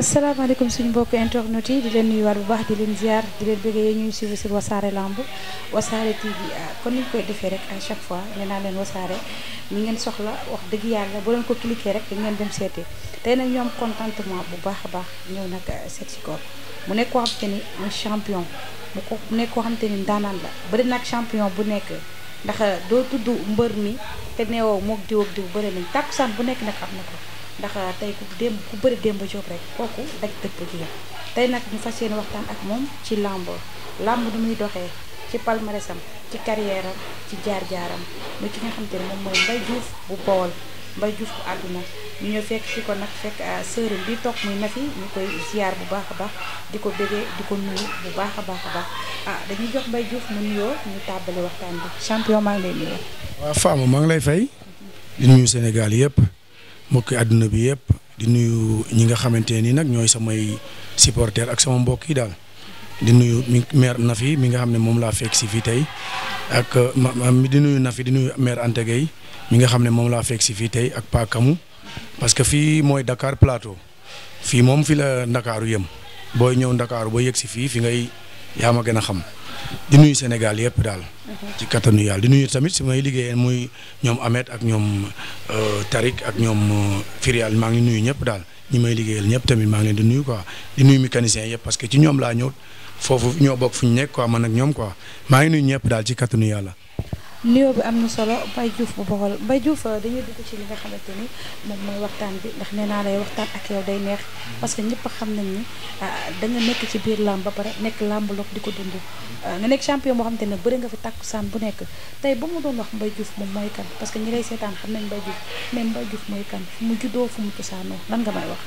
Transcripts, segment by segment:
asalaamaaleykum suñu mbokk internet yi di leen nuyuwaat bu baax di leen ziar di leen bëggee yéen ñuy suivre sur wasaare lamb wasaare TV kon ah, niñ koy defee rek à chaque fois nee naa leen wasaare ñi ngeen soxla wax dëgg yàlla bu leen ko cliquer rek ngeen dem seeti tey nag ñoom am contentement bu baax a baax ñëw nag ah, seet si ko mu nekk koo xam te ni mu ko mu nekk koo xam te ni ndaanaan la bëri nag champion bu nekk ndax ah, doo tudd mbër mi te neewoo moo diw ak diw bëri nañ tàkkusaan bu nekk nag am na ndax tey ku démb ku bëri démb jóob rek kooku daj dëpp jeex tey nag ñu fas yéene waxtaan ak moom ci làmb làmb du muy doxee ci palmarès am ci carrière ci jaar-jaaram mu ci nga xamante ne moom mooy Mbaye Diouf bu Bawol Mbaye Diouf bu àdduna ñu ñëw fekk fi ko nag fekk ah, sëriñ bi toog muy Nafi ñu koy ziar bu baax a baax di ko bégee di ko nuyu bu baax a baax a ah dañuy jox Mbaye Diouf mu nuyoo ñu tàbbale waxtaan bi champion maa ngi lay nuyoo. waaw Fama maa ngi lay fay. di nuyu Sénégal yëpp. mbokki àdduna bi yëpp di nuyu ñi nga xamante nii nag ñooy samay supporter ak sama mbokk yi daal di nuyu maire Nafi mi nga xam ne moom laa fekk si fii tey ak uh, di nuyu Nafi di nuyu maire Anta Gueye mi nga xam ne moom laa fekk si fii tey ak Pakamu parce que fii mooy Dakar Plateau fii moom fi la Ndakaaru yem booy ñëw Ndakaaru ba yegg si fii fi ngay yaa ma gën a xam di nuyu Sénégal yëpp daal. ci kattanu yàlla di nuyu tamit su may liggéeyee muy ñoom Amet ak ñoom euh, Tarik ak ñoom euh, Firial maa ngi nuyu ñëpp daal ñu may liggéeyal ñëpp tamit maa ngi di nuyu quoi di nuyu mécaniciens yëpp parce que ci ñoom laa ñëw foofu ñoo bokk fu ñu nekk quoi man ak ñoom quoi maa ngi nuyu ñëpp daal ci kattanu yàlla. nuyoo bi am na solo Baye Diouf bu boxol Baye Diouf euh, ci li nga xamante ni moom mooy waxtaan bi ndax nee naa lay waxtaan ak yow day parce que ñëpp xam nañ ni euh, da nga nekk ci biir làmb ba pare nekk làmb loog di ko dund euh, nga nekk champion boo xamante ne bëri nga fi tàkkusaan bu nekk tey ba mu doon wax Baye Diouf moom mooy parce que ñi lay seetaan xam nañ Baye Diouf mais fu mu juddoo fu mu cosaanoo lan nga may wax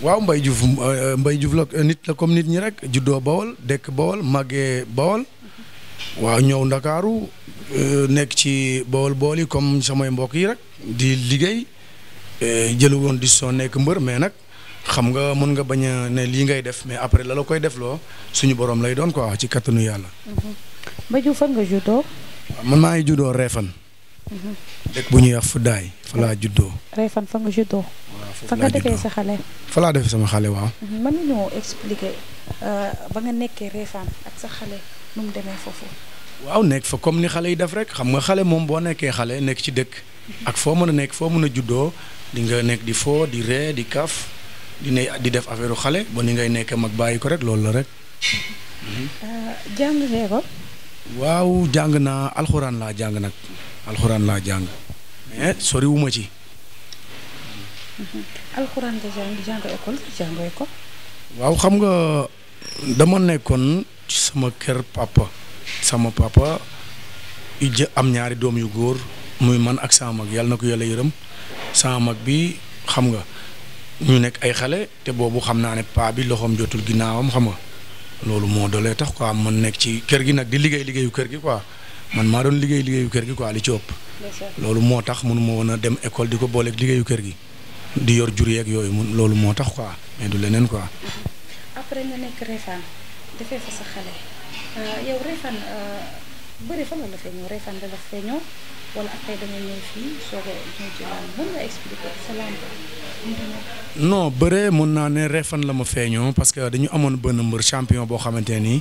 waaw Mbaye Diouf Mbaye la nit la comme nit ñi rek juddoo Bawol dëkk Bawol màggee Bawol mhm. waaw ñëw Ndakaaru Euh, nekk ci bool bool yi comme samay mbokk yi rek di liggéey euh, jëlu woon di soo nekk mbër mais nag xam nga mën nga bañ ne lii ngay def mais après la koy def loo suñu borom lay doon quoi ci kattanu yàlla. Mm-hmm. Mbadou fan nga juddoo. ngi juddoo Réfan. Mm-hmm. fa laa juddoo. Réfan fa nga juddoo. fa nga defee sa xale. fa laa defee sama xale waaw. Mm-hmm. mën nañoo expliquer euh, ba nga nekkee Réfan ak sa xale nu mu demee foofu. waaw nekk fa comme ni xale yi def rek xam nga xale moom boo nekkee xale nekk ci dëkk ak foo mën a nekk foo mën a juddoo di nga nekk di foo di ree di kaf di ne di def affaire xale ba ni ngay nekk mag bàyyi ko rek loolu la rek. Mhm. Euh, jàng nee ko. waaw jàng naa alxuraan laa jàng nag alxuraan laa jàng soriwuma ci. Mhm. alxuraan xam nga dama nekkoon sama kër papa. sama papa jë am ñaari doom yu góor muy man ak sama mag yàlla na ko yàlla yërëm sama mag bi xam nga ñu nekk ay xale te boobu xam naa ne paa bi loxoom jotul ginnaawam xam loolu moo dolee tax am man nekk ci kër gi nag di liggéey liggéeyu kër gi quoi man maa doon liggéey liggéeyu kër gi quoi li ci ëpp. loolu moo tax mënu ma woon a dem école di ko booleek liggéeyu kër gi di yor jur yeeg yooyu mun loolu moo tax quoi mais du leneen quoi. après Euh, yow Refane euh, bëri mun naa ne Refane la ma feeñoo parce que dañu amoon benn mbër champion boo xamante nii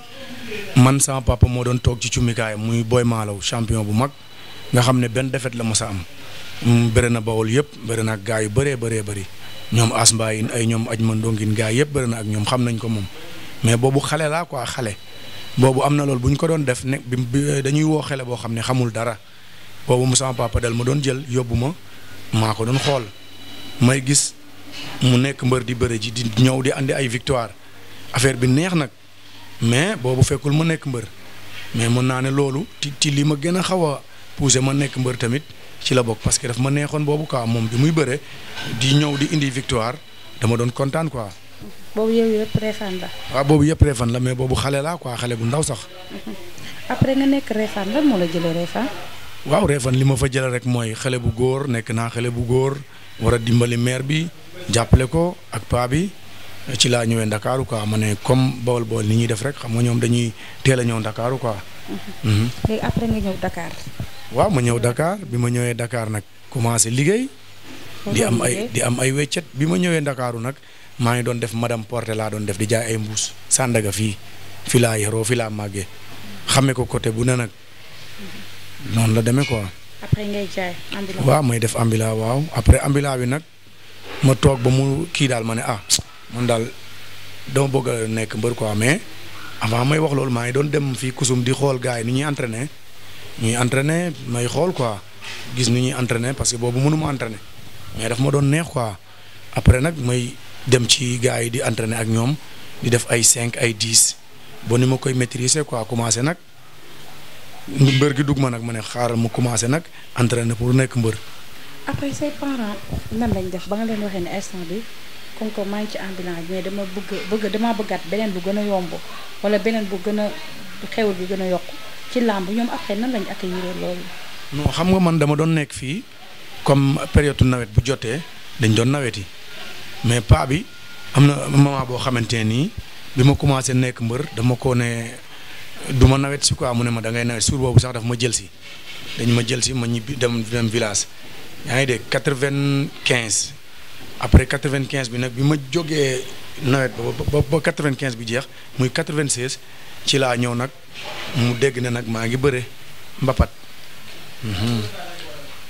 man sama papa moo doon toog ci cumikaay muy booy Malaw champion bu mag nga xam ne benn défaite la mos sa am mm, bëri na bawol yëpp bëri na ak gaa yu bëree bëree bëri ñoom Asmba yi ay ñoom aj mandongin gaa yëpp bëri na ak ñoom xam nañ ko moom mais boobu xale laa quoi xale boobu am na loolu bu ñu ko doon def ne bi dañuy woo xele boo xam ne xamul dara boobu mu sama papa dal ma doon jël yóbbu ma maa ko doon xool may gis mu nekk mbër di bëre ji di ñëw di andi ay victoire affaire bi neex nag mais boobu fekkul ma nekk mbër mais mën naa ne loolu ci ci li ma gën a xaw a poussé ma nekk mbër tamit ci la bokk parce que daf ma neexoon boobu quoi moom bi muy bëre di ñëw di indi victoire dama doon kontaan quoi. boobu yow yëpp reefaan la. Ah, la mais boobu xale laa ko xale bu ndaw sax. Mm-hmm. après nga nekk reefaan lan moo la jëlee reefaan. waaw reefaan li ma fa jëlee rek mooy xale bu góor nekk naa xale bu góor war a dimbali maire bi jàppale ko ak paa bi ci laa ñëwee ndakaaru quoi ma ne comme bawol ni ñuy def rek xam nga ñoom dañuy teel a ñëw ndakaaru quoi. Mm-hmm. Mm-hmm. léegi ma ñëw Dakar bi ma ñëwee Dakar nag commencé liggéey. di am ay di am ay weccet bi ma ñëwee ndakaaru nag. maa ngi doon def madame laa doon def di jaay ay mbuus fii fi laa yaroo fi ko côté bu ne nag noonu la demee quoi. après ngay jaay def ambila waaw après ambila bi nag ma toog ba mu kii daal ma ne ah man daal dama bëgg nekk mbër quoi mais avant may wax loolu maa ngi doon dem fii kusum di xool gars yi ni ñuy entraîné ñuy entraîné may xool quoi gis ni ñuy entraîné parce que boobu mënu ma entraîné mais daf ma doon neex quoi après nag may dem ci gars yi di entraîner ak ñoom di def ay cinq ay dix boo ni ma koy maîtriser quoi commencé nag mbër gi dugg ma nag ma ne xaaral mu commencé nag entraîner pour nekk mbër. après say parents nan lañ def ba nga leen waxee ne instant bi comme que maa ngi ci ambulance mais dama bëgg bëgg damaa bëggaat beneen bu gën a yomb wala beneen bu gën a xewul bi gën a yokk ci làmb ñoom après nan lañ accueillir loolu. non xam nga man dama doon nekk fii comme période nawet bu jotee dañ doon nawet yi. mais paa bi am na moment boo xamante ne nii bi ma commencé nekk mbër dama ko ne du ma nawet si quoi mu ne ma da ngay nawet suur boobu sax daf ma jël si dañ ma jël si ma ñibbi dem dem village yaa ngi dégg quatre-vingt-quinze après quatre quinze bi nag bi ma jógee nawet ba ba quatre-vingt-quinze bi jeex muy quatre ci laa ñëw nag mu dégg na nag maa ngi bëre mbapat. Mhm.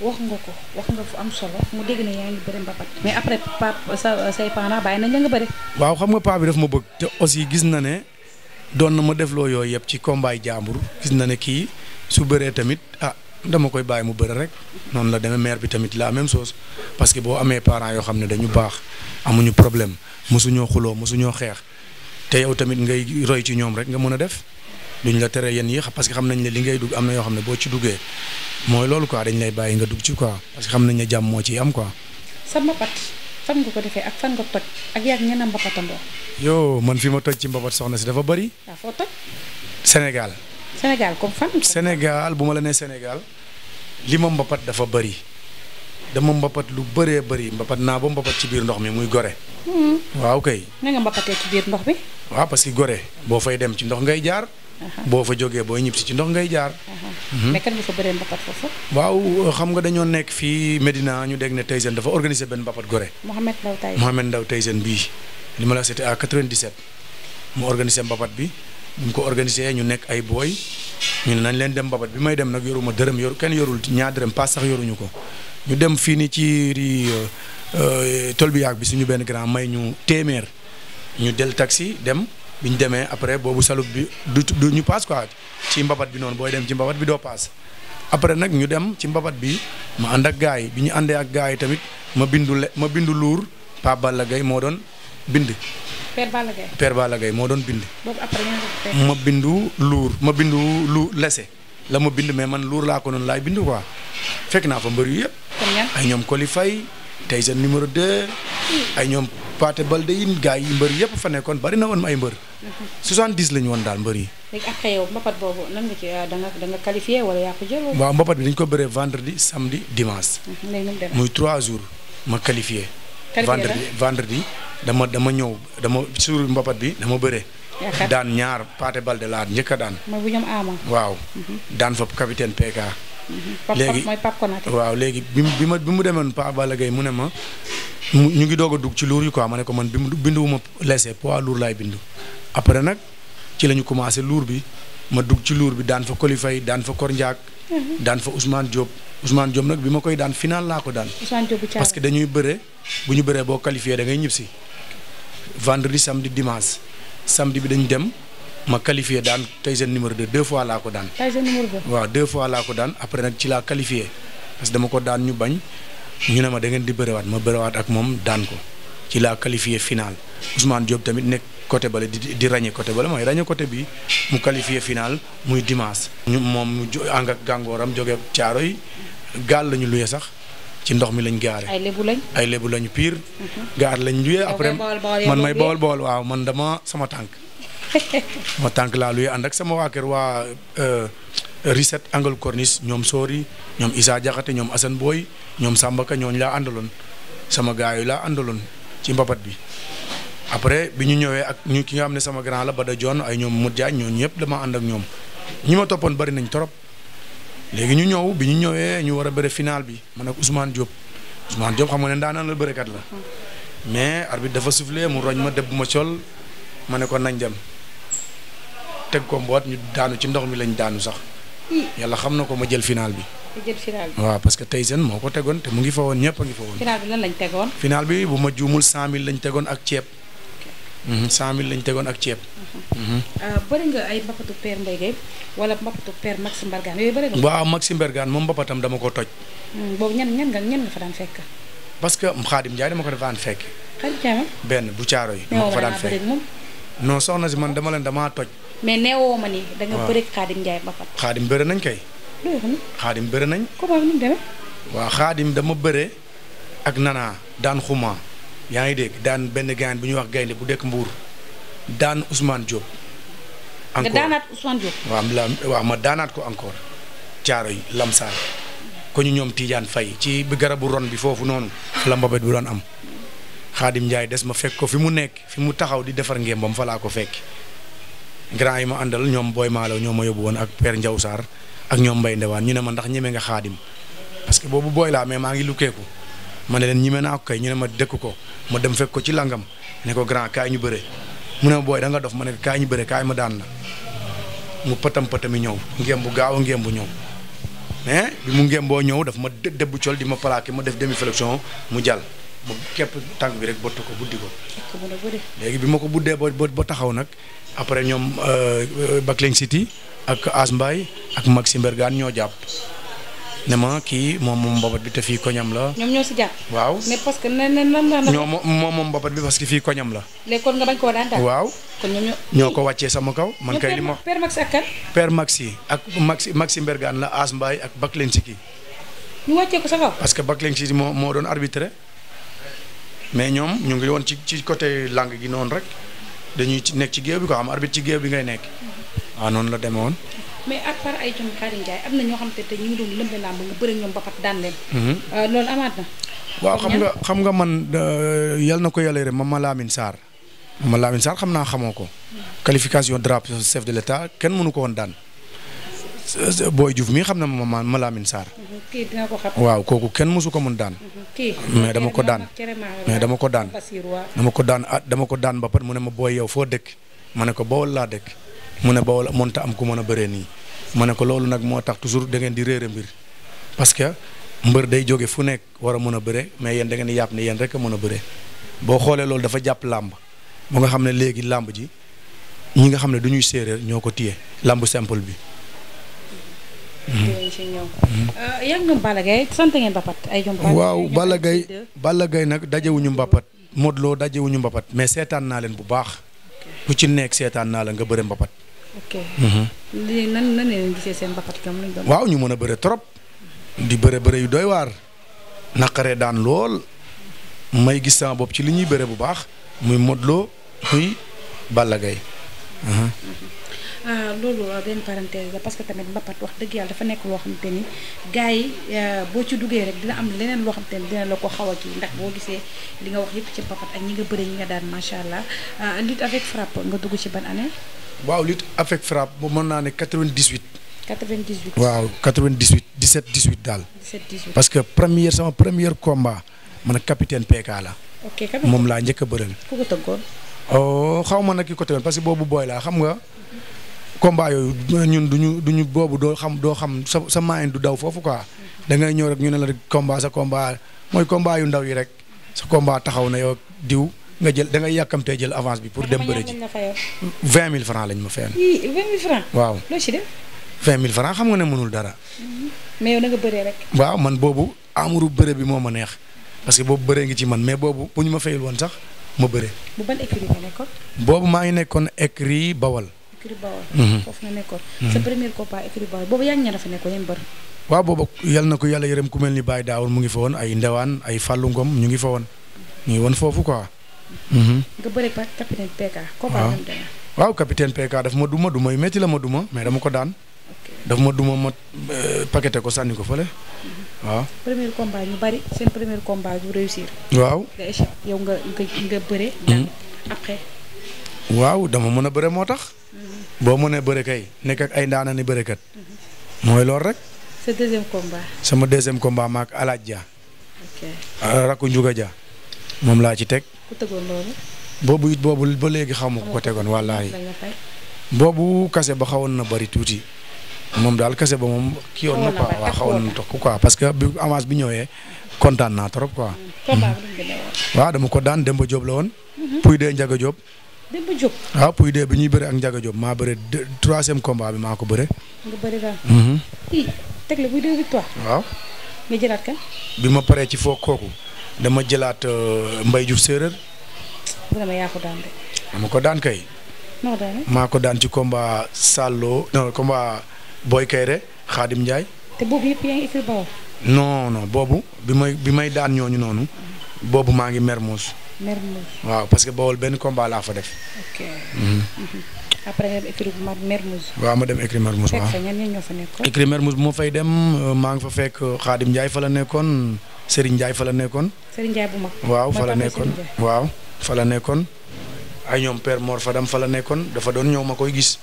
wax nga ko wax nga fu am solo mu dégg ne yaa ngi bëri mbapat mais après papa say parents bàyyi nañ la nga bëri. waaw xam nga paa bi daf ma bëgg. te aussi gis na ne doon na ma defloo yooyu yëpp ci combat jàmbur gis na ne kii su bëree tamit ah dama koy bàyyi mu bëri rek noonu la demee mère bi tamit la même chose parce que boo amee parent yoo xam ne dañu baax amuñu problème mosuñoo xuloo mosuñoo xeex te yow tamit ngay roy ci ñoom rek nga mën a def. lu ñu la tere yenn yi parce que xam nañ ne li ngay dugg am na yoo xam ne boo ci duggee mooy loolu quoi dañ lay bàyyi nga dugg ci quoi parce que xam nañ ne jàmm moo ciy am quoi. sa mbapat fan nga ko defee ak fan nga toj ak man fi ma toj ci mbapat soxna si dafa bëri. waaw foo toj. Sénégal. Sénégal comme bu ma la nee Sénégal li ma mbapat dafa bëri dama mbapat lu bëree bari mbapat naa ba mbapat ci biir ndox mi muy gore. Hmm. waaw kay. na mbapatee ci biir ndox mi. waaw parce gore boo fay dem ci ndox ngay jaar. boo fa jógee booy ñibbisi ci ndox ngay jaar. Uh-huh. Hmm. nga fa bëree mbapat foofu. waaw xam nga dañoo nekk fii Medina ñu dégg ne Tyson dafa organiser benn mbapat gore. Mohamed Ndao Tyson Mohamed Ndao Tyson bii li ma la c'était à 97 mu organiser mbapat bi. bu ñu ko organisé ñu nekk ay booy ñu ne nañ leen dem babat bi may dem nag yoruma dërëm yoru kenn yorul ñaar dërëm paas sax yoruñu ko ñu dem fii ni ci ri euh, euh, tolbiyaak bi suñu benn grand may ñu téeméer ñu del taxi dem bi ñu demee après boobu salut bi du du ñu paas quoi ci mbabat bi noonu booy dem ci mbabat bi doo paas après nag ñu dem ci mbabat bi ma ànd ak gars yi bi ñu àndee ak gars yi tamit ma bindu le ma bindu luur Pape Balla Gaye moo doon bind. Père Balla moo doon bind. boobu ma bindu luur ma bindu lu lese la ma bind mais man luur laa ko noonu laay bind quoi fekk naa fa mbër yëpp. ay ñoom Koli Faye tey seen numéro de ay ñoom Paate Balde yi gars yi mbër yëpp fa nekkoon bari na woon ay mbër. 70 la ñu woon daal mbër yi. léegi après yow ah, ko jël. waaw mbapat bi dañ ko bëree vendredi samedi dimanche. Ah, muy trois jours ma qualifié. vendredi vendredi dama dama ñëw dama sur mbapat bi dama bëree. daan ñaar Paate Balde laa njëkk a daan. waaw mhm. daan fa capitaine PK. léegi mooy waaw léegi bi bi ma bi mu demoon Pape Balla Gaye mu ne ma mu ñu ngi doog a dugg ci luur yi quoi ma ne ko man bi mu binduwuma laissé poids luur laay bindu après nag ci la ñu commencé luur bi ma dugg ci luur bi daan fa qualifié daan fa Kor Ndiak mhm. daan fa Ousmane Diop Ousmane Diop nag bi ma koy daan final laa ko daan parce que dañuy bëre bu ñu bëree boo qualifié da ngay ñibbi si vendredi samedi dimanche samedi bi dañu dem ma qualifié daan Tyson numéro 2 deux fois laa ko daan. Tyson numéro waaw deux fois laa ko daan après nag ci laa qualifié parce dama ko daan ñu bañ ñu ne ma da ngeen di bëriwaat ma bëriwaat ak moom daan ko ci laa qualifié final Ousmane Diop tamit nekk côté bale di di ràññee côté bale mooy rañee côté bi mu qualifié final muy dimanche. ñu moom mu ànd ak gàngooram joge caaro yi gaal lañu ñu luye sax. ci ndox mi lañ gaare ay lébu lañ ay lébu lañ mhm. gaar lañ luyee après man may bawol bawol waaw man dama sama tànk. ma tànk laa luy ànd ak sama waa kër waa euh, Risset Angle Corniche ñoom Sori ñoom Issa Diakhaté ñoom Assane booy ñoom Samba Ka ñooñu laa àndaloon sama gars yi laa àndaloon ci mbapat bi. après bi ñu ñëwee ak ñu ki nga xam ne sama grand la Bada John ay ñoom Modou Diagne ñooñu ñëpp dama ànd ak ñoom ñi ma toppoon bari nañ trop léegi ñu ñëw bi ñu ñëwee ñu war a bëre final bi man ak Ousmane Diop Ousmane Diop xam nga ne daanaan la bërekat la mais arbitre dafa soufflé mu roñ ma dëbb ma col ma ne nañ dem teg ko mboot ñu daanu ci ndox mi lañ daanu sax yàlla xam na ko ma jël final bi. waaw parce que Tyson moo ko tegoon te mu ngi fa woon ñëpp a ngi fa woon. final bi lan lañ bu ma juumul 100000 lañ tegoon ak ceeb. 100000 mhm, lañ tegoon ak ceeb. Mhm. Mhm. Euh, bëri moom mbapatam dama ko toj. Hmm, boobu ñan ñan nga fa daan fekk. parce que Xaadim Ndiaye dama ko daan fekk. benn bu caaro yi. dama ko daan fekk non soxna si man dama leen damaa toj. mais neewoo ma ni. da nga xaadim Ndiaye nañ kay. loolu yëpp nag xaadim bëri nañ. comment xaadim dama bëre ak Nana daan Xuma yaa ngi dégg daan benn gain bu ñuy wax gaynde bu dëkk mbuur daan usmaan Diop. encore nga daanaat Ousmane Diop. waaw ma daanaat ko encore caaro yi Lamsaar ko ñu ñoom Tidiane fey ci bi garabu ron bi foofu noonu la mbabet bu doon am xaadim Ndiaye des ma fekk ko fi mu nekk fi mu taxaw di defar ngémbam fa laa ko fekk. grand yi ma àndal ñoom Boy Malo ñoo ma yóbbu woon ak per Ndiaw Sarr ak ñoom mbay Ndewaan ñu ne ma ndax ñeme nga xaadim parce que boobu booy laa mais maa ngi lukkeeku ma ne leen ñime naa ko kay ñu ne ma dëkk ko ma dem fekk ko ci langam ne ko grand kaay ñu bëre mu ne ma booy da nga dof ma ne ko kaay ñu bëre kaay ma daan la mu pëtam pëtami ñëw ngéem bu gaaw ngéem bu ñëw mais bi mu ngéem boo ñëw dafa ma dëbb col di ma plaqué ma def demi flexion mu jàll. ba képp tànk bi rek bott ko buddi ko. léegi bi ma ko buddee ba ba taxaw nag après ñoom euh, Backling City ak As Mbaye ak Maxime Bergane ñoo jàpp. ne ma kii moom moom mbabat bi te fii koñam la. ñoom ñoo si jàpp. waaw mais parce que nee na ñoom moom moom mbabat bi parce que fii koñam la. léegi kon nga bañ koo daan daal. waaw kon ñoom ñoo ko wàccee sama kaw. man kay li ma père Maxi ak kan. père Maxi ak Maxi Maxi Mbergane la As Mbaye ak Backling City. ñu wàccee ko sa kaw. parce que Backling City moo moo doon arbitré. mais ñoom ñu ngi woon ci ci côté langue gi noonu rek dañuy ci nekk ci géew bi ko xam arbitre ci géew bi ngay nekk waaw ah, noonu la demee woon. mais à part ay jom Karim am na ñoo xam nga mhm. euh, waaw xam nga xam nga man euh, yal na ko yàlla rek Mama Lamine Sarr. Mama Lamine Sarr xam naa xamoo ko. Mhm. qualification drapeau chef de l' état kenn mënu ko woon daan. booy Diouf mii xam na ma ma Lamine Sarr. kii dina waaw kooku kenn mosu ko mën daan. Mhm. mais dama ko daan mais dama ko daan. dama ko daan ah dama ko daan ba pare mu ne ma booy yow foo dëkk ma ne ko Bawol laa dëkk mu ne Bawol mënut am ku mën a bëree nii ma ne ko loolu nag moo tax toujours da ngeen di a mbir parce que mbër day jóge fu nekk war a mën a bëre mais yéen da ngeen di yàpp ne yéen rek a mën a bëre boo xoolee loolu dafa jàpp làmb mu nga xam ne léegi làmb ji ñi nga xam ne du ñuy séeréer ñoo ko téye làmb simple bi Euh, waaw Balla Gaye nag dajewuñu mbappat Modou Lo dajewuñu mbapat mais seetaan naa leen bu baax ku ci nekk seetaan naa la nga bëre mbapat mhm. waaw ñu mën a bëre trop di bëre bëre yu doy waar naqaree daan lool may gis sama bopp ci li ñuy bëre bu baax muy Modou Lo muy Balla ah loolu euh, benn parenthèse la parce que tamit mbappat wax dëgg yàlla dafa nekk loo xamante ni gars yi euh, boo ci duggee rek dina am leneen loo xamante ni dina la ko xaw a kii ndax boo gisee li nga wax yëpp ci mbappat ak ñi nga bëre ñi nga daan macha allah lutte avec frappe nga dugg ci ban année. waaw lutte avec frappe bu mën naa ne 98. 98 waaw 98 17 18 daal. 17 18 parce que première sama première combat a capitaine PK la. moom laa njëkk a bëral. ku ko tëggoon. oh xaw ma nag ki parce que boobu booy laa xam nga. Mhm. combat yooyu ñun duñu duñu boobu doo xam doo xam sa sa main du daw foofu quoi da ngay ñëw rek ñu ne la combat sa combat mooy combat yu ndaw yi rek sa combat taxaw na yow diw nga jël da ngay yàkkamtee jël avance bi pour dem bëre ji vingt mille francs lañ ma fayal. vingt waaw loo ci xam nga ne mënul dara. Mm-hmm. waaw man boobu amuru bëre bi moo ma neex parce que boobu bëree ngi ci man mais boobu bu ñu ma fayul woon sax ma bëre. boobu maa ngi nekkoon écurie Bawal. écurie Bawol mhm. foofu mhm. boobu yaa ña dafa nekkoon yéen mbër waaw boobu yal na ko yàlla yërëm ku mel ni Baye Daawul mu ngi fa woon ay Ndewaan ay Fallou Ngom ñu ngi fa woon ñu ngi woon foofu quoi mhm. nga bëri ak capitaine PK combat waaw capitaine PK daf ma duma du may métti la ma duma mais dama ko daan daf ma duma ma euh, paqueté ko sànni ko fële waaw dama mën a bëre moo tax. boo mënee bëre nekk ak ay ndaana ni bërekat mooy loolu rek. sama deuxième combat maak Alaaj Dia. ok ah, rakku Njuga Dia moom laa ci teg. ku boobu it boobu ba léegi xaw ma ko tegoon wallaahi. boobu kase ba xawoon na bari tuuti. moom daal kase ba moom kii yoon na quoi waaw xawoon na toog quoi parce que bi avance bi ñëwee kontaan naa trop quoi. waaw dama ko daan Demba Diop la woon. Puy dee Njaga Diop. Demba Diop. waaw ah, Pouy de bi ñuy bëre ak Ndiaga Diop maa bëre deux troisième bi maa ko bëre. Mhm. waaw. nga jëlaat kan. bi ma paree ci foog kooku dama jëlaat euh, mbay ju séeréer. vraiment yaa ko daan de. ko daan kay. maa ko daan ci combat Sallo non combat Boy Kayre Khadim Ndiaye. te boobu yëpp yaa ngi écrir Bawol. non non boobu bi may bi may daan ñooñu noonu. boobu maa ngi Mermoz. waaw parce que Bawol benn combat laa fa def. Mhm. Mhm. waaw ma dem écrit Mermoz waaw. fekk ñenn fay dem euh, maa ngi fa fekk Xaadim euh, Ndiaye fa la nekkoon sëriñ njaay fa la nekkoon. waaw fa la nekkoon waaw fa nekkoon. ay ñoom père Mor Fadam fa la nekkoon dafa doon ñëw ma koy gis.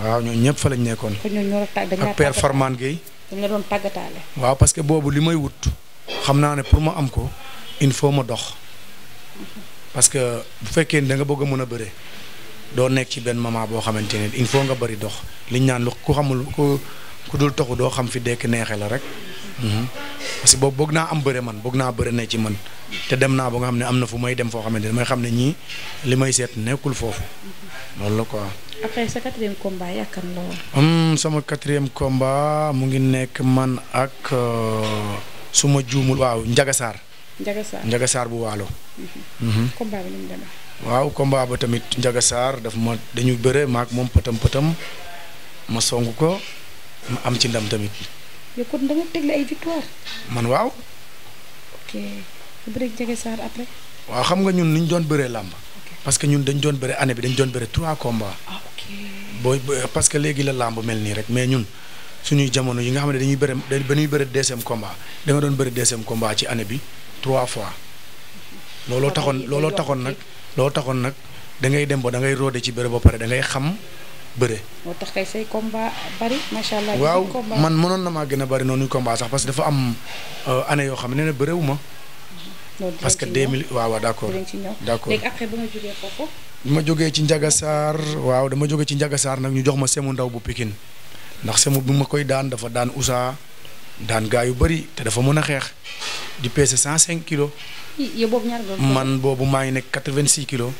waaw ñoo ñëpp fa lañ nekkoon. ak père Farman Gueye. waaw parce que boobu li may wut xam naa ne pour ma am ko. il faut ma dox parce que bu fekkee ni da nga bëgg a mën a bëre doo nekk ci benn moment boo xamante ne il faut nga bëri dox liñ naan lu ku xamul ku ku dul toxu doo xam fi dekk neexe la rek mhm. parce boobu bëgg naa am bëre man bëgg naa bëre ne ci man te dem naa ba nga xam ne am na fu may dem foo xamante ne may xam ne ñii li may seet nekkul foofu loolu la ko après sa quatrième combat hmm, sama quatrième combat mu ngi nekk man ak euh, su ma juumul waaw Ndiaga Sarr Ndiaga Sarr bu waalo. Mhm. Mhm. combat bi ni waaw combat ba tamit Ndiaga Sarr daf ma dañu bëre maak moom pëtam pëtam ma song ko ma am ci ndam tamit. yow kon waaw. ok xam nga ñun ni ñu doon bëree làmb. parce que ñun dañ doon bëre année bi dañ doon bëre trois combats. ah ok booy parce que léegi la làmb mel nii rek mais ñun. suñuy jamono yi nga xam ne dañuy bëre dañuy bëre deuxième combat da doon bëre deuxième combat ci année bi trois fois looloo taxoon looloo taxoon nag looloo taxoon nag dangay dem ba da ngay roode ci bëre ba pare da xam bëre. moo tax kay say waaw man mënoon na maa gën a bari noonu combat sax parce que dafa am euh, année yoo xam ne ne bërewu ma. parce que 2000 waaw waaw d' accord d' accord ma jóge ci njagasaar waaw dama jóge ci njagasaar nag ñu jox ma semu ndaw bu pikin ndax semu bi ma koy daan dafa daan usaa daan gaa yu bëri te dafa mën a xeex di peese cent cinq kilos. man boobu maa ngi nekk quatre vingt six kilos.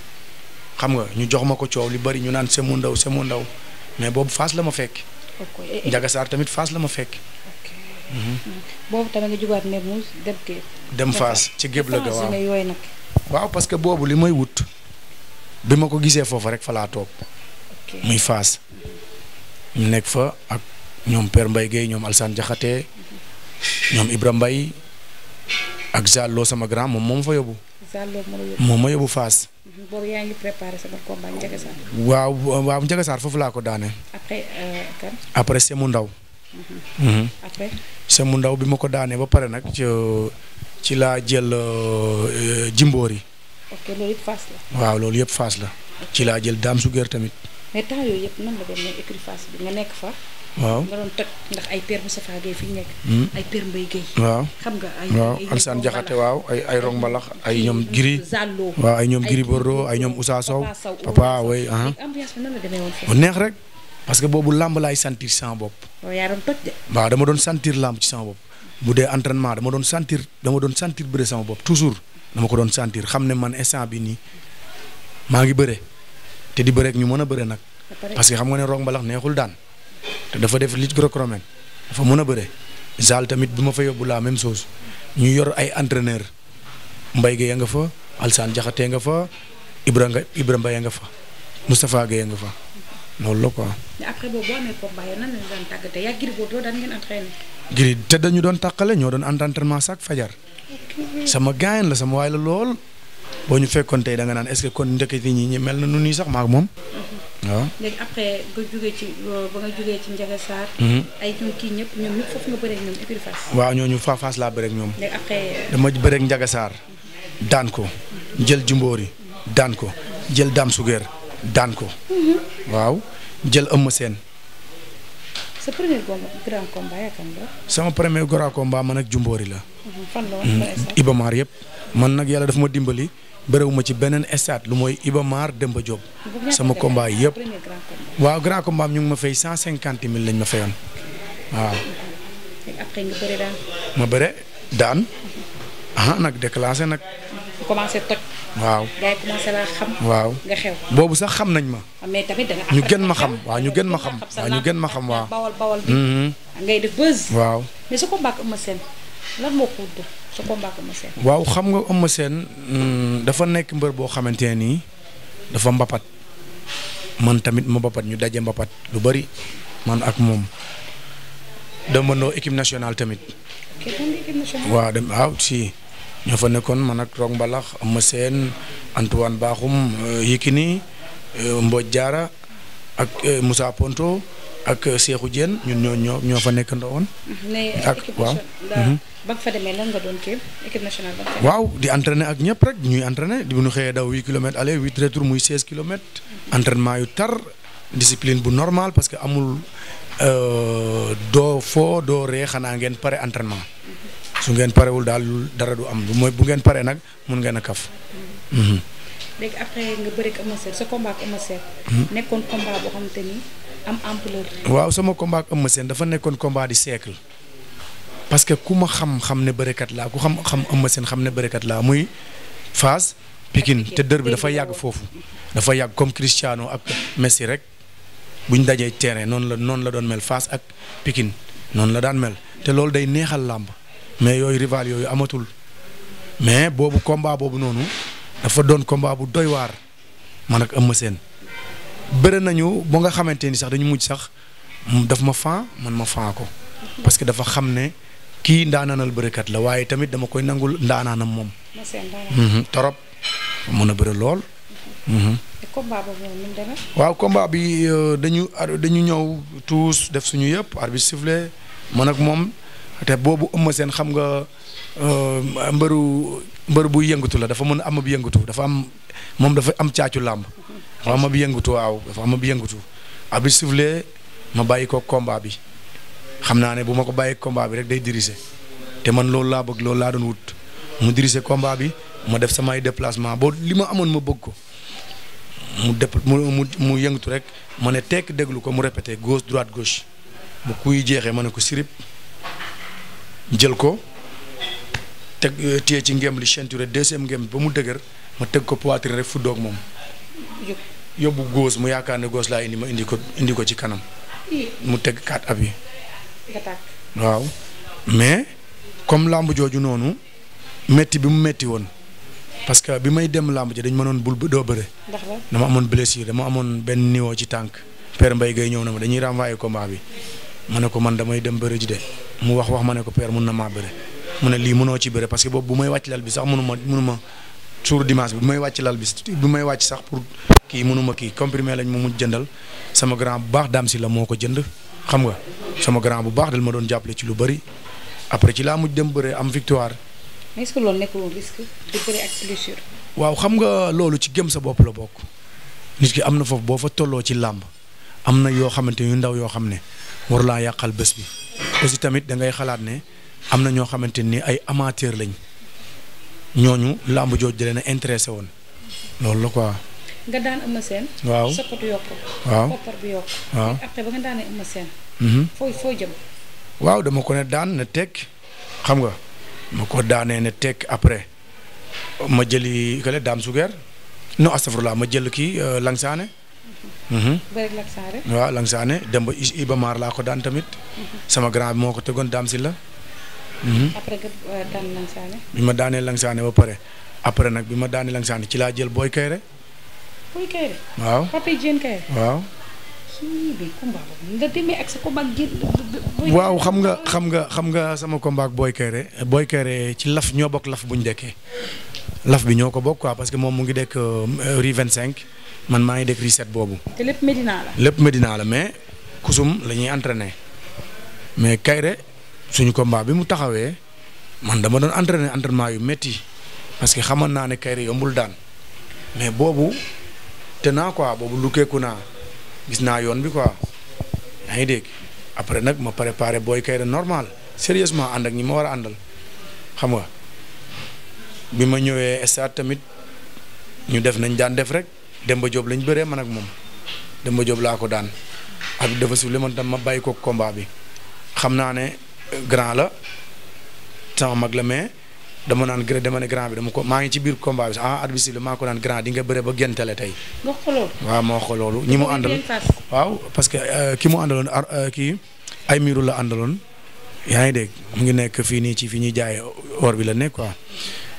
xam nga ñu jox ma ko coow li bari ñu naan semu ndaw semu ndaw mais boobu faas la ma fekk. ok njagasaar tamit faas la ma fekk. Mhm. boobu tamit nga dem faas ci géeb la gaaw waaw parce que boobu li may wut bi ma ko gisee foofu rek fa laa toog. muy faas. ñu nekk fa ak ñoom Père Mbaye Guèye ñoom Alsane Diakhaté ñoom Ibra Mbaye ak Jallo sama grand moom moom fa yóbbu. moom ma yóbbu Faas. Mhm. boobu yaa waaw waaw Ndiaga foofu laa ko daane. après euh, kan. après Semu Ndaw. Mhm. Mhm. après. Semu Ndaw bi ma ko daanee ba pare nag ci laa jël euh, jimboor yi. waaw loolu yëpp Faas la. ci laa jël daam su tamit. mais yëpp nan la demee écurie Fass bi nga nekk fa. waaw nga doon hmm. waaw xam nga ay waaw ay ay Rong Mbalax ay ñoom Giri. waaw ay ñoom Giri Bordeaux ay ñoom Oussa Sow. papa ah. neex rek parce que boobu làmb laay sentir sama bopp. waaw dama doon sentir làmb ci sama bopp. bu dee entraînement dama doon sentir dama doon sentir bëre sama bopp toujours dama ko doon sentir xam ne man instant bi nii maa ngi bëre te di bëre ñu mën a bëre nag. parce que xam nga ne Rong Mbalax neexul daan te dafa def lutte gréco dafa mën a bëre Zal tamit bi ma fa yóbbu la même chose ñu yor ay entraîneur Mbaye Gueye nga fa Alsaan Jaxate nga fa Ibra nga Ibra Mbaye nga fa Moustapha Gueye nga fa loolu la quoi. mais après boobu boo la ñu daan tàggatee te dañu doon tàqale ñoo doon entraînement sax fajar. sama gaañ la sama waay la lool. boo ñu fekkoon tey da naan est kon ndekete ñi ñi mel na nu nii sax maak moom. Mhm. waaw léegi après nga mhm. ñooñu Fass laa bëree ñoom. Euh, dama bëree ak daan ko jël jumboori daan ko jël daam sugeer daan ko. Mhm. waaw jël ëmm seen. sa premier grand combat yaakaar nga. man ak jumboori la. Mhm. fan la woon man nag yàlla daf ma dimbali. bëréw ci beneen stade lu mooy Iba Mar Demba Diop sama combat yëpp waaw grand combat ñu ngi ma fay cent cinquante mille lañ ma fayoon waaw ma bëre daan ah nag déclassé nag commencé waaw boobu sax xam nañ ma ah, ñu gën ma xam waaw ñu gën ma xam waaw ñu gën ma xam waaw waaw xam nga Eumeu Sène mm, dafa nekk mbër boo xamante ne nii dafa mbappat man tamit ma mbapat ñu daje mbappat lu bari man ak moom. demandoo équipe nationale tamit. waaw dem waaw si. ñoo fa nekkoon man ak Rock Mbalax Eumeu Sène Antoine Bakhoum euh, Yékini euh, Mbodj Diarra ak euh, Moussa Ponto ak Cheikhou Diène ñun ñoo ñoo ñoo fa nekk ndawoon. Mhm. ak waaw mhm. ba nga fa demee lan waaw di entraîner ak ñëpp rek ñuy entraîner bu ñu xëyee daw 8 kilomètres aller 8 retour muy 16 kilomètres. Mhm. entraînement yu tar discipline bu normal parce que amul euh, doo foo doo ree xanaa ngeen pare entraînement su ngeen parewul daal dara du am mooy bu ngeen paree nag mun ngeen a kaf. nga bëri ak Eumeu Sène sa combat ak Eumeu nekkoon combat boo xamante ni. am waaw sama combat ak Eumeu Sène dafa nekkoon combat di siècle parce que ku ma xam xam ne bërekat laa ku xam xam Eumeu Sène xam ne bërekat laa muy Fass Pikine te dër bi dafa yàgg foofu dafa yàgg comme Cristiano ak Messi rek bu buñ dajee terrain noonu la noonu la doon mel Fass ak pikin noonu la daan mel te loolu day neexal làmb mais yooyu rival yooyu amatul mais boobu combat boobu noonu dafa doon combat bu doy waar man ak Eumeu Sène bëre nañu ba nga xamante ni sax dañu mujj sax daf ma fan man ma fan ko parce que dafa xam ne kii ndaanaanal bërëkat la waaye tamit dama koy nangul ndaanaanam moom. Mhm, torop mën a bëre lool. Mhm. waaw combat bi euh, dañu dañu ñëw tous def suñu yëpp arbitre sifflé man ak moom te boobu ëmma seen xam nga euh, mbëru mbër bu yëngatu la dafa mën a am bu dafa am moom dafa am caacu làmb dafa am bi yëngatu waaw dafa am ab yëngatu abi sifle ma bàyyi ko combat bi xam naa ne bu ma ko bàyyi combat bi rek day diriger te man loolu laa bëgg loolu laa doon wut mu diriger combat bi ma def samay déplacement boo li ma amoon ma bëgg ko mu dep mu mu yëngatu rek ma ne tekk déglu ko mu répété gauche droite gauche bu kuy jeexee ma ne ko sirip jël ko teg euh, téye ci ngem li ceinture deuxième ngem ba mu dëgër ma teg ko poitrine rek fu doog moom yóbbu góos mu yaakaar ne góos laa indi ma indi ko indi ko ci kanam mu teg quatre appuis waaw mais comme làmb jooju noonu metti bi mu metti woon parce que bi may dem làmb ji dañ mënoon bul doo bëre dama amoon blessure dama amoon benn niveau ci tànk père Mbaye Gueye ñëw na ma dañuy renvoyer combat bi ma ne ko man damay dem bëre ji de mu wax wax ma ne ko père mun na maa bëre mu ne lii mënoo ci bëre parce boobu bu may wàcc lal bi sax mënuma mënuma suur dimanche bi may wàcc lal bi bi may wàcc sax pour kii mënuma kii comprimé lañ ma mujj jëndal sama grand bu baax daam si la moo ko jënd xam nga sama grand bu baax dal ma doon jàppale ci lu bari après ci laa mujj dem bëree am victoire. mais waaw xam nga loolu ci gëm sa bopp la bokk nit ki am na foofu boo fa tolloo ci làmb am na yoo xamante yu ndaw yoo xam ne warulaa yàqal bés bi aussi tamit da ngay xalaat ne am na ñoo xamante ni ay amateur lañ. ñooñu làmb jooju da leen intéressé woon loolu la quoi. nga daan Eumeu Sène. waaw soppat yokk. waaw koppar mhm. dama ko ne daan na tekk xam nga ma ko daanee ne tekk après ma jëli kële daam sugeer non astafurlah ma jël kii euh, langsaane. Mhm. bëri langsaane. waaw langsaane dem ba Iba laa ko daan tamit. Mhm. sama grand bi moo ko tegoon daam si la. Mhm. après euh, nga bi ma daanee Langsaane ba pare après nag bi ma daanee Langsaane ci laa jël booy Kayre. waaw waaw. waaw xam nga xam nga xam nga sama combat booy Boy Kayre Boy Kayre ci laf ñoo bokk laf bu ñu dekkee laf bi ñoo ko bokk quoi parce que moom mu ngi dekk euh, vingt cinq man maa ngi dekk rue boobu. te lépp Medina la. mais kusum lañuy ñuy mais Kayre suñu combat bi mu taxawee man dama doon entraîner entraînement yu métti parce que xaman naa ne Kairé yombul daan mais boobu te naa quoi boobu lu keeku naa gis naa yoon bi quoi yaa ngi dégg après nag ma préparé booy kayre normal sérieusement ànd ak ñi ma war a àndal xam nga bi ma ñëwee stade tamit ñu def nañ daan def rek Demba Diop lañ bëree man ak moom Demba Diop laa ko daan ak dafa suuf man tam ma bàyyi ko combat bi xam naa ne. grand la sama mag la mais dama naan gërëm dama ne grand bi dama ko maa ngi ci biir combat bi ah arbitre bi maa ko naan grand di nga bëre ba géntale tey. waaw moo xooloolu ñi mu àndal waaw parce que euh, ki mu àndaloon euh, kii ay miiru la àndaloon yaa ngi dégg mu ngi nekk fii nii ci fi ñuy jaay or bi la nekk quoi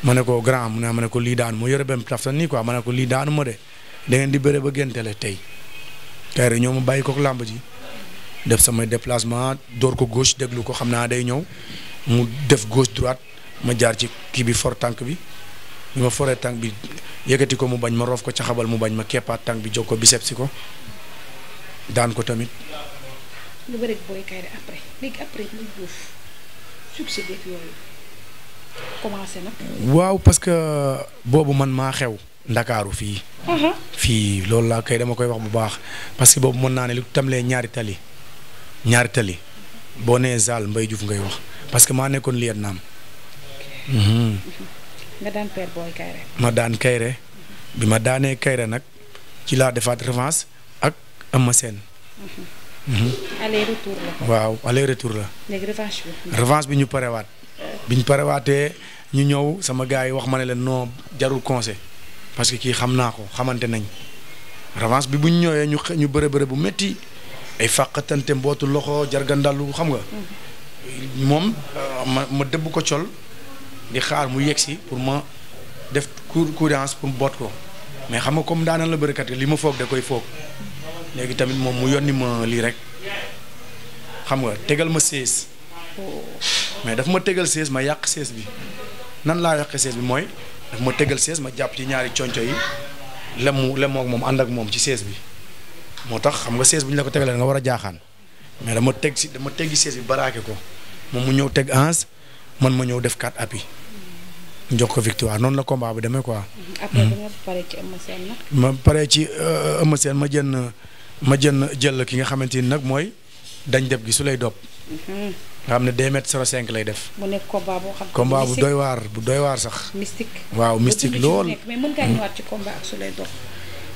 ma ne ko grand mun ne ma ne ko lii daanu ma yore benn nii quoi ma ne ko lii daanu ma de da ngeen di bëre ba géntale tey tey rek ñoo ma bàyyi koog làmb ji. def samay déplacement door ko gauche déglu ko xam naa day ñëw mu def gauche droite ma jaar ci kii bi for tànk bi bi ma foree tànk bi yëkkati ko mu bañ ma roof ko ca xabal mu bañ ma keppaat tànk bi jog ko biceps si ko daan ko tamit. waaw parce que boobu man maa xew. ndakaaru fii. Uh-huh. fii loolu laa kay dama koy wax bu baax parce que boobu mën naa ne lu tàmbalee ñaari tali. ñaari tali boo nee Zal mbay Diouf ngay wax parce que maa nekkoon liet naam. Mhm. ma daan Kayre bi ma daanee Kayre nag ci laa defaat revanche ak Eumeu Sène. Mhm. Mhm. aller retour waaw aller retour la. léegi revanche bi. ñu parewaat. bi ñu parewaatee ñu ñëw sama gars yi wax ma ne leen noo jarul conseil parce que kii xam naa ko xamante nañ revanche bi bu ñu ñëwee ñu ñu bëre bëre bu métti. ay fàqatante mbootu loxo jargandalu xam nga. moom ma ma dëbb ko col di xaar mu yegg si pour ma def cour courance pour boot ko mais xam nga comme daanaan la bërëkat li ma foog da koy foog léegi tamit moom mu yónni ma lii rek xam nga tegal ma sées mais daf ma tegal sées ma yàq sées bi nan laa yàq sées bi mooy daf ma tegal sees ma jàpp ci ñaari conco yi lem mu lemook moom ànd ak moom ci sées bi moo tax xam nga sees bu ñu la ko tegalee nga war a jaaxaan mais dama teg si dama teggi sees bi baraake ko moom mu ñëw teg ans man ma ñëw def quatre appuis jox ko victoire noonu la combat bi demee ko après pare ci Eumeu Sène ma pare ci euh, Eumeu Sène ma jënn ma jënn jël ki nga xamante ni nag mooy dañ def gi su lay dopp. Mhm. nga xam ne 2 mètres cinq lay def. mu nekk combat bu doy waar bu doy waar sax. waaw mystique lool mais lay dopp.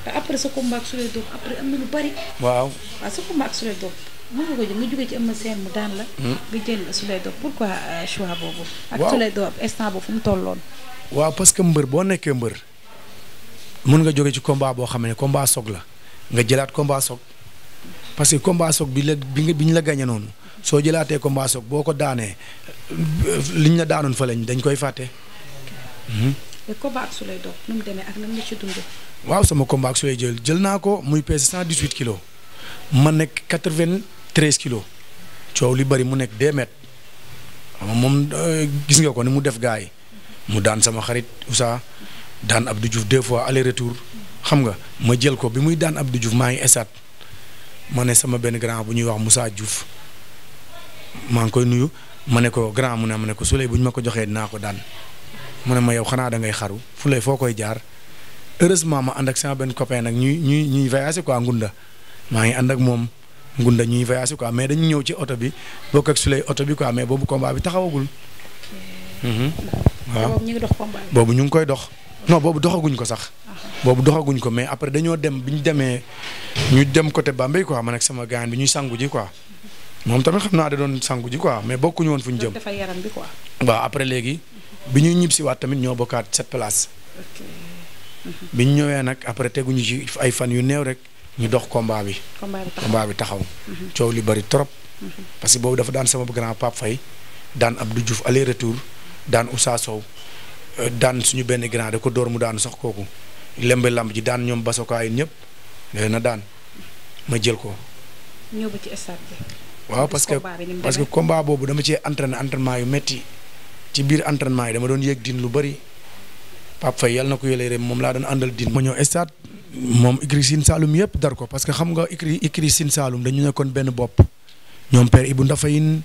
te après sa combat ak Souley Diop après am na lu bari. waaw waaw sa combat ak Souley Diop mën nga ko jël nga jógee ci Eumeu Sène mu daan la. Hmm. nga jël Souley Diop pourquoi euh, choix boobu. ak Souley Diop instant boobu fu mu tolloon. waaw parce que mbër boo nekkee mbër mën nga jóge ci combat boo xam ne combat soog la nga jëlaat combat soog parce que combat soog bi la bi bi ñu la gañe noonu soo jëlaatee combat soog boo ko daanee euh, liñ la daanoon fa lañ dañ koy fàtte. Hmm. te waaw sama combat ak jël naa ko muy peese cent dix huit kilos ma nekk quatre vingt treize kilos coow li bari mu nekk deux mètres xam moom euh, gis nga ko ni mu def gars yi mu daan sama xarit Oussa daan Abdou Diouf deux fois aller retour xam nga ma jël ko bi muy daan Abdou Diouf maa ngi esaat ma ne sama benn grand bu ñuy wax Moussa Diouf maa ngi koy nuyu ma ne ko grand mu ne ma ne ko Souleye bu ñu ma ko joxee dinaa ko daan. mu ne ma yow xanaa da ngay xaru fule foo koy jaar heureusement ma ànd ak sama benn copain nag ñuy ñuy ñuy voyagé quoi ngunda maa ngi ànd ak moom ngunda ñuy voyagé quoi mais dañu ñëw ci auto bi bokk ak su lay oto bi quoi mais boobu combat bi taxawagul. waaw ñu dox combat boobu ñu ngi koy dox. non boobu doxaguñ ko sax. Ah. boobu doxaguñ ko mais après dañoo dem bi ñu demee ñu dem côté Bambey quoi man ak sama gaan bi ñuy sangu ji quoi. Mm-hmm. moom tamit xam naa da doon sangu ji quoi mais bokkuñu woon fu ñu jëm. dafa après léegi. bi ñuy ñib siwaat tamit ñoo bokkaat sept places. bi ñu ñëwee nag après teguñu ci ay fan yu néew rek ñu dox combat bi. combat bi taxaw mhm. coow li bari trop. Mhm. parce que boobu dafa daan sama grand Pape fay daan Abdou Diouf aller retour daan usa Sow euh, daan suñu benn grand da ko door mu daan sox kooku lembe lamb ji daan ñoom basokaay ñëpp léegi na daan ma jël ko. waaw parce que parce que combat boobu dama cee entraîné yu metti ci biir entraînement yi dama doon yéeg din lu bari Pape Faye yàlla na ko yëlee rek moom laa doon àndal din ma ñëw stade moom Ikri Sine Saalum yëpp dar ko parce que xam nga Ikri Ikri Sine Saalum dañu nekkoon benn bopp ñoom père Ibou Ndafayin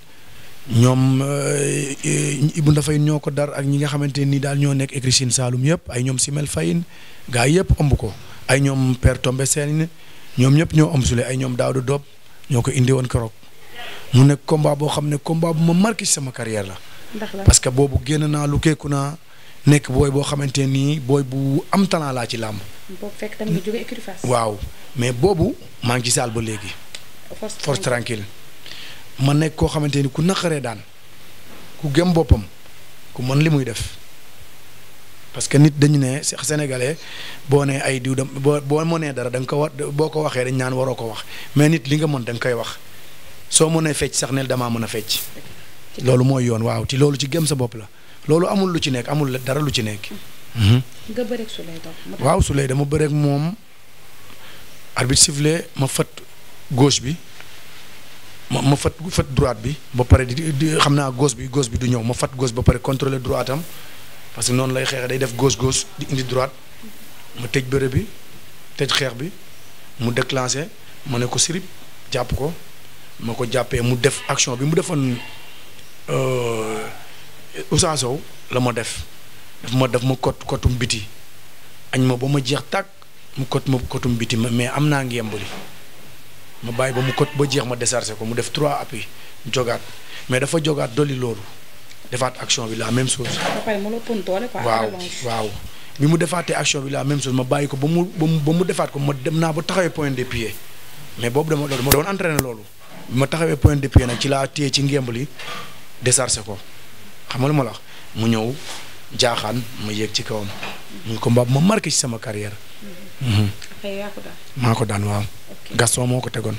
ñoom euh, Ibou Ndafayin ñoo ko dar ak ñi nga xamante ni daal ñoo nekk Ikri Sine Saalum ay ñoom Simel Fayin gaa yëpp ëmb ko ay ñoom père Tombe Seen ñoom ñëpp ñoo ëmb sule ay ñoom Daouda Doob ñoo ko indi woon keroog mu nekk combat boo xam ne combat bu ma marqué sama carrière la. parce que boobu génn naa lu keeku naa nekk booy boo xamante nii booy bu am talent laa ci làmb. waaw mais boobu maa ngi ci saal ba léegi. force tranquille ma nekk koo xamante ni ku naqaree daan ku gëm boppam ku mën li muy def parce que nit dañu ne sénégalais boo ne ay diw dem boo boo mënee dara da nga ko wax boo ko waxee dañ naan waroo ko wax mais nit li nga mën danga koy wax soo mënee fecc sax neel damaa mën a fecc. loolu mooy yoon waaw ci loolu ci gëm sa bopp la loolu amul lu ci nekk amul dara lu ci nekk. Mhm. nga bëreeg waaw Souley dama bëreeg moom arbitre sifflé ma fat gauche bi ma ma fët fët droite bi ba pare di xam naa goos bi goos bi du ñëw ma fat goos ba pare contrôler droite am parce que noonu lay xeexe day def gauche gauche di indi droite ma tëj bëre bi tëj xeex bi mu déclenché ma ne ko sirip jàpp ko ma ko jàppee mu def action bi mu defoon. Euh, Ousa Sow la ma def daf ma daf ma kot kotum biti añ ma ba ma jeex tàkk mu kot ma kotum biti ma mais am naa ngembali ma bàyyi ba mu kot ba jeex ma déchargé ko mu def trois appui jogaat mais dafa jogaat dolli loolu defaat action bi la même chose. waaw waaw. bi mu defaatee action bi la même chose ma bàyyi ko ba mu ba mu ba mu defaat ko ma dem naa ba taxawee point de pied mais boobu dama doon entraîné loolu ma taxawee point de pied nag ci laa téye ci ngembali déchargé ko xam nga ma la mu ñëw jaaxaan ma yéeg ci kawam muy ko bu ma marqué ci sama carrière. Mm-hmm. Mm-hmm. maa ko daan waaw. Gaston moo ko tegoon.